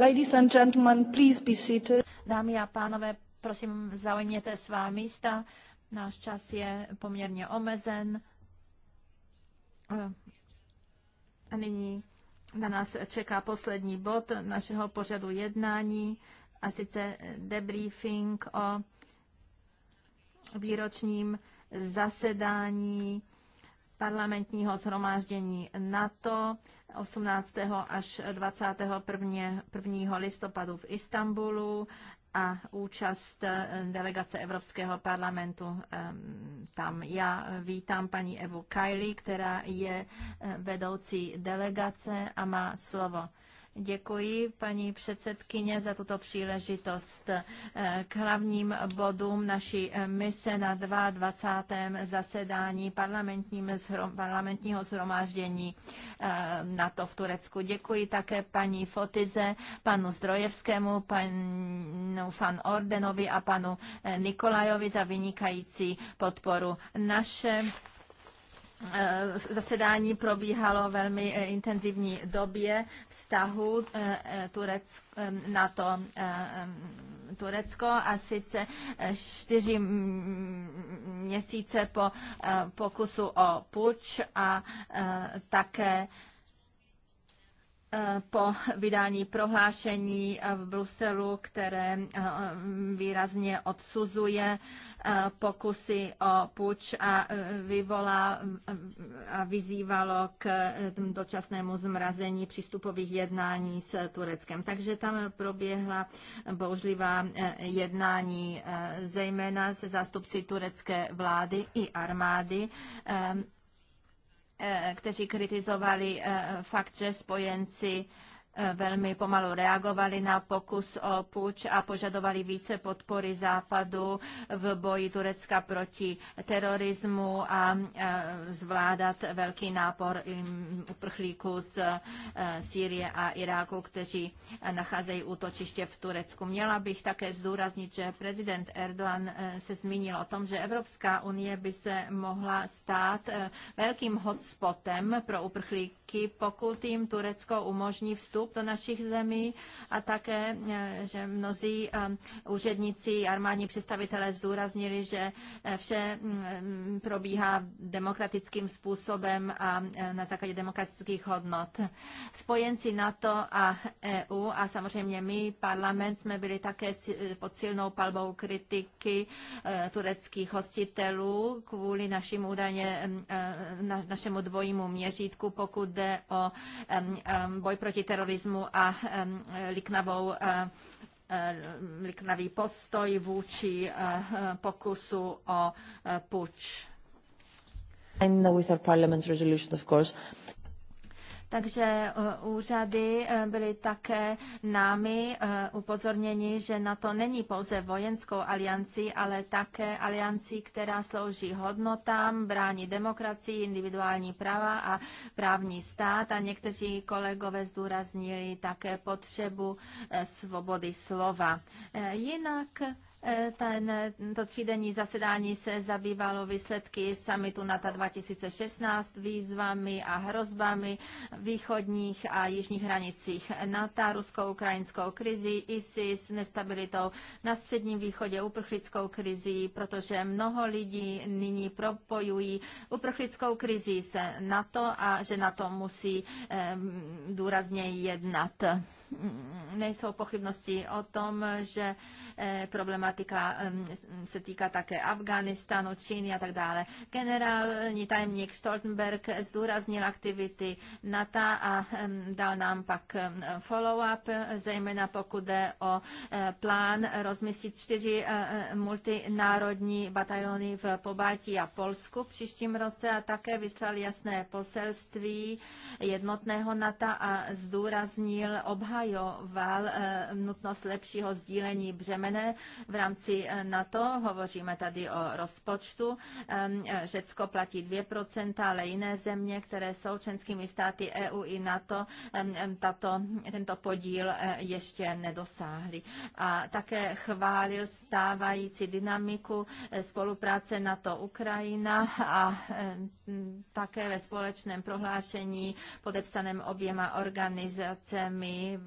Ladies and gentlemen, please be seated. Dámy a pánové, prosím, zaujměte svá místa. Náš čas je poměrně omezen. Eh, a nyní na nás čeká poslední bod našeho pořadu jednání, a sice debriefing o výročním zasedání parlamentního zhromáždění NATO 18. až 21. listopadu v Istanbulu a účast eh, delegace Evropského parlamentu tam. Já vítám paní Evu Kajli, která je eh, vedoucí delegace a má slovo. Děkuji paní předsedkyně za tuto příležitost eh, k hlavním bodům naší eh, mise na 22. zasedání parlamentního eh, na NATO v Turecku. Děkuji také paní Fotize, panu Zdrojevskému, panu Fan Ordenovi a panu Nikolajovi za vynikající podporu. Naše Eh, zasedání probíhalo velmi eh, intenzivní době vztahu na eh, NATO Turecko a sice čtyři měsíce po pokusu o puč a také Eh, po vydání prohlášení eh, v Bruselu, které eh, výrazně odsuzuje pokusy o puč a vyvolá a vyzývalo k dočasnému zmrazení přístupových jednání s Tureckem. Takže tam proběhla bouřlivá jednání zejména se zástupci turecké vlády i armády Eh, kteří kritizovali eh, fakt, že spojenci velmi pomalu reagovali na pokus o půjč a požadovali více podpory Západu v boji Turecka proti terorismu a e, zvládat velký nápor uprchlíků z e, Sýrie a Iráku, kteří nacházejí útočiště v Turecku. Měla bych také zdůraznit, že prezident Erdogan e, se zmínil o tom, že Evropská unie by se mohla stát velkým hotspotem pro uprchlíky, pokud jim Turecko umožní vstup vstup do našich zemí a také, eh, že mnozí eh, úředníci, armádní představitelé zdůraznili, že eh, vše mm, probíhá demokratickým způsobem a na základě demokratických hodnot. Spojenci NATO a EU a samozřejmě my, parlament, jsme byli také pod silnou palbou kritiky tureckých hostitelů kvůli našim údajně, mm, našemu dvojímu měřítku, pokud jde o mm, boj proti terorismu terorismu a liknavou e, e, liknavý postoj vůči e, pokusu o puč. And with our parliament's resolution, of course. Takže eh, úřady eh, byly také námi eh, upozorněni, že na to není pouze vojenskou aliancí, ale také aliancí, která slouží hodnotám, brání demokracii, individuální práva a právní stát. A někteří kolegové zdůraznili také potřebu svobody slova. Jinak E, ten, to třídenní zasedání se zabývalo výsledky samitu NATO 2016, výzvami a hrozbami východních a jižních hranicích NATO, rusko-ukrajinskou krizi, ISIS, nestabilitou na středním východě, uprchlickou krizi, protože mnoho lidí nyní propojují uprchlickou krizi se NATO a že NATO musí eh, důrazně jednat nejsou pochybnosti o tom, že eh, problematika se týká také Afganistanu, Číny a tak dále. Generální tajemník Stoltenberg zdůraznil aktivity NATO a dal nám pak follow-up, zejména pokud jde o eh, plán rozmyslit čtyři eh, multinárodní bataliony v Pobaltí a Polsku v příštím roce a také vyslal jasné poselství jednotného NATO a zdůraznil obhájení obhajoval eh, nutnost lepšího sdílení břemene v rámci eh, NATO. Hovoříme tady o rozpočtu. Ehm, eh, Řecko platí 2%, ale jiné země, které jsou členskými státy EU i NATO, ehm, ehm, tato, tento podíl ještě nedosáhly. A také chválil stávající dynamiku spolupráce NATO-Ukrajina a také ve společném prohlášení podepsaném oběma organizacemi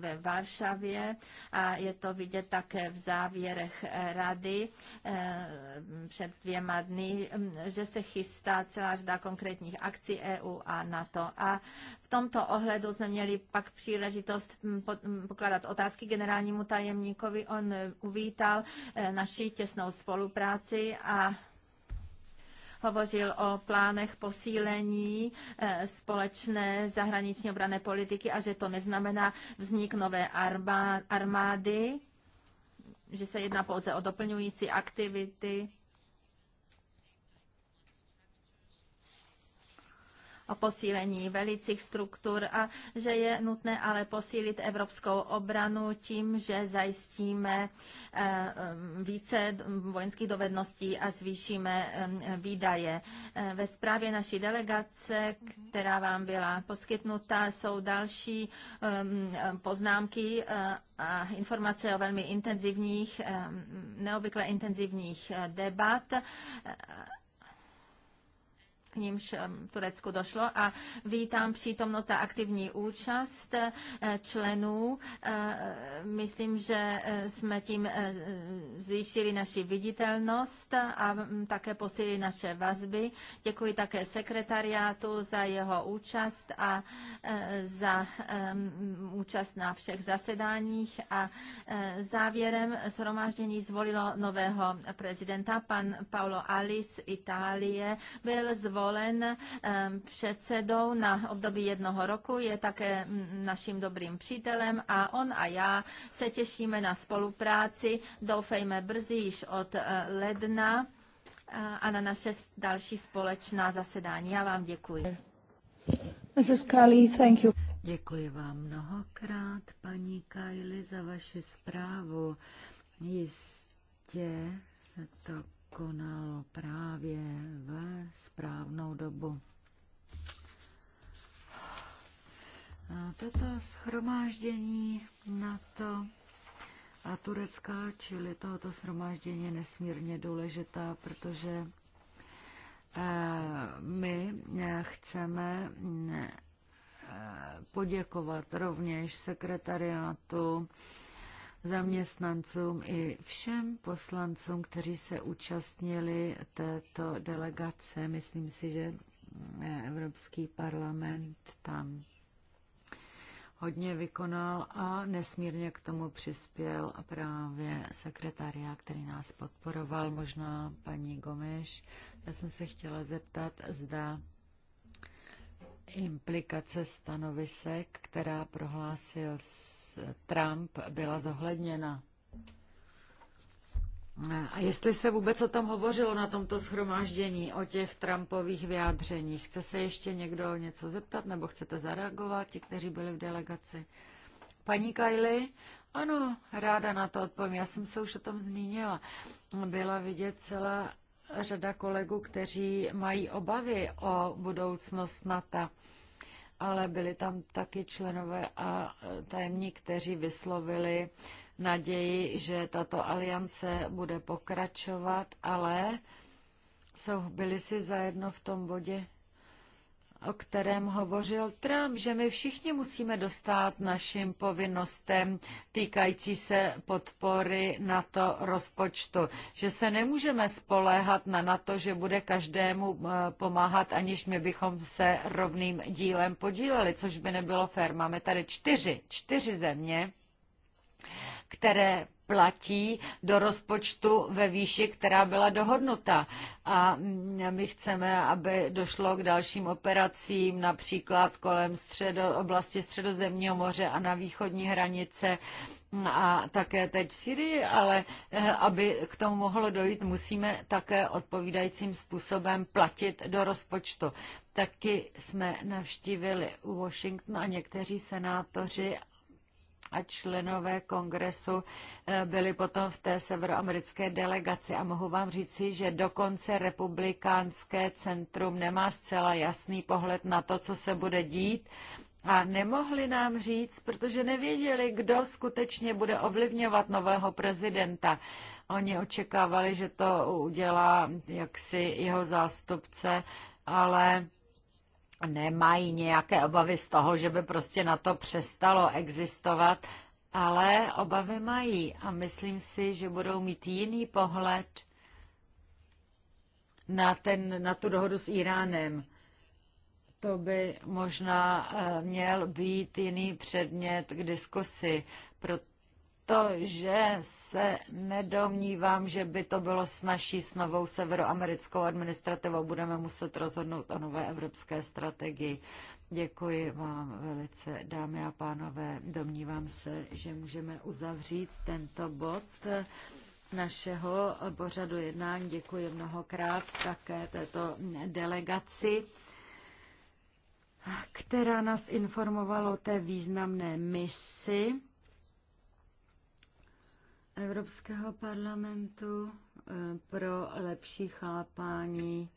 ve Varšavě a je to vidět také v závěrech rady eh, před dvěma dny, že se chystá celá řada konkrétních akcí EU a NATO. A v tomto ohledu jsme měli pak příležitost hm, hm, pokládat otázky generálnímu tajemníkovi. On eh, uvítal eh, naši těsnou spolupráci a hovořil o plánech posílení eh, společné zahraniční obrané politiky a že to neznamená vznik nové armády, že se jedná pouze o doplňující aktivity o posílení velicích struktur a že je nutné ale posílit evropskou obranu tím, že zajistíme eh, eh, více vojenských dovedností a zvýšíme eh, výdaje. Ve zprávě naší delegace, která vám byla poskytnuta, jsou další ehm, poznámky a informace o velmi intenzivních, ehm, neobvykle intenzivních debat nímž Turecku došlo a vítám přítomnost a aktivní účast eh, členů. Eh, myslím, že eh, jsme tím zvýšili naši viditelnost a mm, také posílili naše vazby. Děkuji také sekretariátu za jeho účast a za účast na všech zasedáních a závěrem shromáždění zvolilo nového prezidenta. Pan Paolo Alis Itálie byl zvolen zvolen předsedou na období jednoho roku, je také naším dobrým přítelem a on a já se těšíme na spolupráci, doufejme brzy již od eh, ledna eh, a na naše další společná zasedání. Já vám děkuji. Mrs. Kali, thank you. Děkuji vám mnohokrát, paní Kajli, za vaši zprávu. Jistě to konalo právě ve správnou dobu. A toto schromáždění to a turecká čili tohoto shromáždění je nesmírně důležitá, protože eh, my eh, chceme eh, poděkovat rovněž sekretariátu zaměstnancům i všem poslancům, kteří se účastnili této delegace. Myslím si, že eh, Evropský parlament tam hodně vykonal a nesmírně k tomu přispěl a právě sekretária, který nás podporoval, možná paní Gomeš. Já jsem se chtěla zeptat, zda Implikace stanovisek, která prohlásil Trump, byla zohledněna. A jestli se vůbec o tom hovořilo na tomto schromáždění, o těch Trumpových vyjádřeních, chce se ještě někdo něco zeptat nebo chcete zareagovat, ti, kteří byli v delegaci? Paní Kajli, ano, ráda na to odpovím. Já jsem se už o tom zmínila. Byla vidět celá řada kolegů, kteří mají obavy o budoucnost NATO, ale byli tam taky členové a tajemní, kteří vyslovili naději, že tato aliance bude pokračovat, ale jsou, byli si zajedno v tom bodě, o kterém hovořil Trump, že my všichni musíme dostat našim povinnostem týkající se podpory NATO rozpočtu. Že se nemůžeme spoléhat na NATO, že bude každému eh, pomáhat, aniž my bychom se rovným dílem podíleli, což by nebylo fér. Máme tady čtyři, čtyři země, které platí do rozpočtu ve výši, která byla dohodnuta. A my chceme, aby došlo k dalším operacím, například kolem středo, oblasti Středozemního moře a na východní hranice a také teď v Syrii, ale eh, aby k tomu mohlo dojít, musíme také odpovídajícím způsobem platit do rozpočtu. Taky jsme navštívili Washington a někteří senátoři a členové kongresu eh, byli potom v té severoamerické delegaci a mohu vám říci, že dokonce republikánské centrum nemá zcela jasný pohled na to, co se bude dít a nemohli nám říct, protože nevěděli, kdo skutečně bude ovlivňovat nového prezidenta. Oni očekávali, že to udělá jaksi jeho zástupce, ale nemají nějaké obavy z toho, že by prostě na to přestalo existovat, ale obavy mají a myslím si, že budou mít jiný pohled na, ten, na tu dohodu s Iránem. To by možná eh, měl být jiný předmět k diskusi, protože protože se nedomnívám, že by to bylo naší s novou severoamerickou administrativou. Budeme muset rozhodnout o nové evropské strategii. Děkuji vám velice, dámy a pánové. Domnívám se, že můžeme uzavřít tento bod našeho pořadu jednání. Děkuji mnohokrát také této delegaci která nás informovala o té významné misi, Evropského parlamentu eh, pro lepší chápání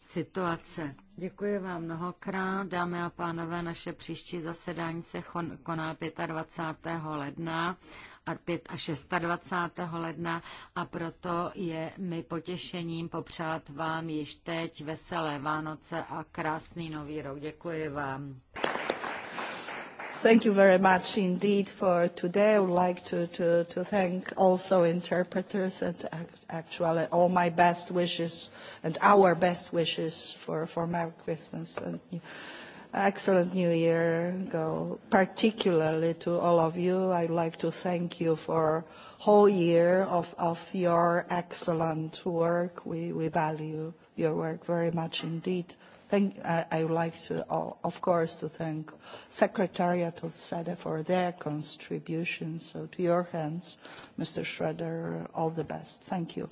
situace. Děkuji vám mnohokrát. Dámy a pánové, naše příští zasedání se koná 25. ledna a 26. ledna a proto je mi potěšením popřát vám již teď veselé Vánoce a krásný nový rok. Děkuji vám. Thank you very much indeed for today. I would like to, to, to thank also interpreters and actually all my best wishes and our best wishes for, for Merry Christmas and excellent New Year. Go particularly to all of you. I'd like to thank you for whole year of, of your excellent work. We, we value your work very much indeed. Thank, uh, I would like to, uh, of course, to thank Secretariat of SEDE for their contribution. So to your hands, Mr. Schroeder, all the best. Thank you.